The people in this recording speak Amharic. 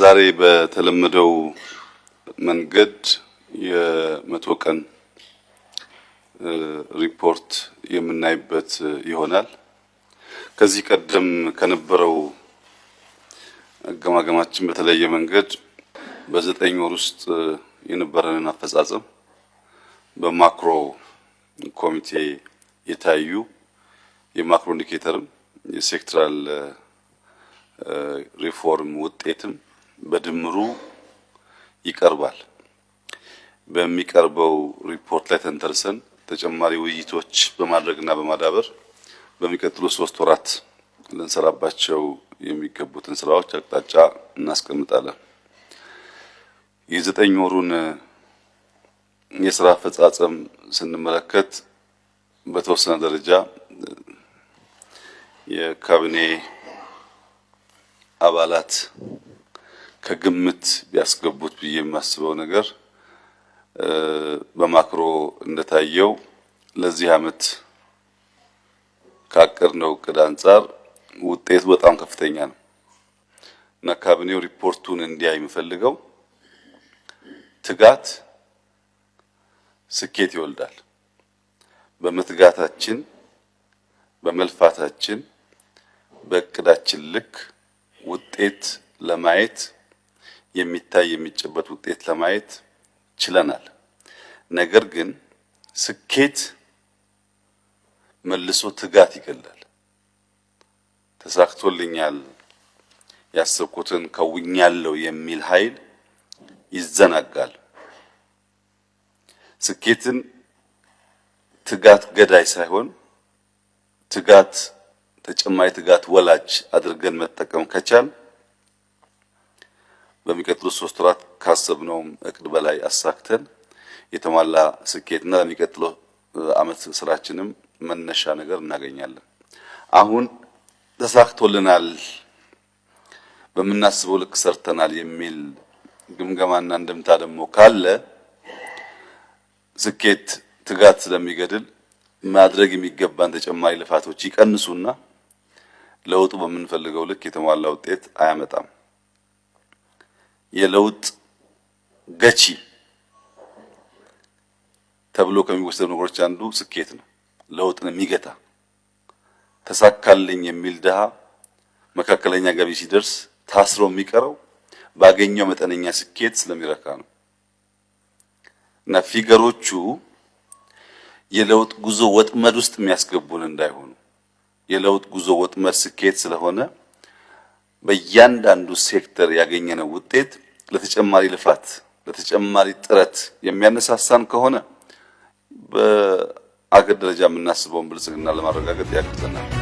ዛሬ በተለመደው መንገድ የመቶ ቀን ሪፖርት የምናይበት ይሆናል። ከዚህ ቀደም ከነበረው አገማገማችን በተለየ መንገድ በዘጠኝ ወር ውስጥ የነበረንን አፈጻጸም በማክሮ ኮሚቴ የታዩ የማክሮ ኢንዲኬተርም የሴክተራል ሪፎርም ውጤትም በድምሩ ይቀርባል። በሚቀርበው ሪፖርት ላይ ተንተርሰን ተጨማሪ ውይይቶች በማድረግና በማዳበር በሚቀጥሉ ሶስት ወራት ልንሰራባቸው የሚገቡትን ስራዎች አቅጣጫ እናስቀምጣለን። የዘጠኝ ወሩን የስራ አፈጻጸም ስንመለከት በተወሰነ ደረጃ የካቢኔ አባላት ከግምት ቢያስገቡት ብዬ የማስበው ነገር በማክሮ እንደታየው ለዚህ ዓመት ካቀድነው እቅድ አንጻር ውጤቱ በጣም ከፍተኛ ነው እና ካቢኔው ሪፖርቱን እንዲያይ የምፈልገው ትጋት ስኬት ይወልዳል። በመትጋታችን በመልፋታችን በእቅዳችን ልክ ውጤት ለማየት የሚታይ የሚጨበጥ ውጤት ለማየት ችለናል። ነገር ግን ስኬት መልሶ ትጋት ይገላል። ተሳክቶልኛል፣ ያሰብኩትን ከውኛለሁ የሚል ኃይል ይዘናጋል። ስኬትን ትጋት ገዳይ ሳይሆን ትጋት ተጨማሪ ትጋት ወላጅ አድርገን መጠቀም ከቻል በሚቀጥሉት ሶስት ወራት ካሰብነውም እቅድ በላይ አሳክተን የተሟላ ስኬትና ለሚቀጥለው አመት ስራችንም መነሻ ነገር እናገኛለን። አሁን ተሳክቶልናል፣ በምናስበው ልክ ሰርተናል የሚል ግምገማና እንደምታ ደግሞ ካለ ስኬት ትጋት ስለሚገድል ማድረግ የሚገባን ተጨማሪ ልፋቶች ይቀንሱና ለውጡ በምንፈልገው ልክ የተሟላ ውጤት አያመጣም። የለውጥ ገቺ ተብሎ ከሚወሰዱ ነገሮች አንዱ ስኬት ነው። ለውጥን የሚገታ ተሳካልኝ የሚል ድሃ መካከለኛ ገቢ ሲደርስ ታስሮ የሚቀረው ባገኘው መጠነኛ ስኬት ስለሚረካ ነው። እና ፊገሮቹ የለውጥ ጉዞ ወጥመድ ውስጥ የሚያስገቡን እንዳይሆኑ የለውጥ ጉዞ ወጥመድ ስኬት ስለሆነ በእያንዳንዱ ሴክተር ያገኘነው ውጤት ለተጨማሪ ልፋት ለተጨማሪ ጥረት የሚያነሳሳን ከሆነ በአገር ደረጃ የምናስበውን ብልጽግና ለማረጋገጥ ያግዘናል።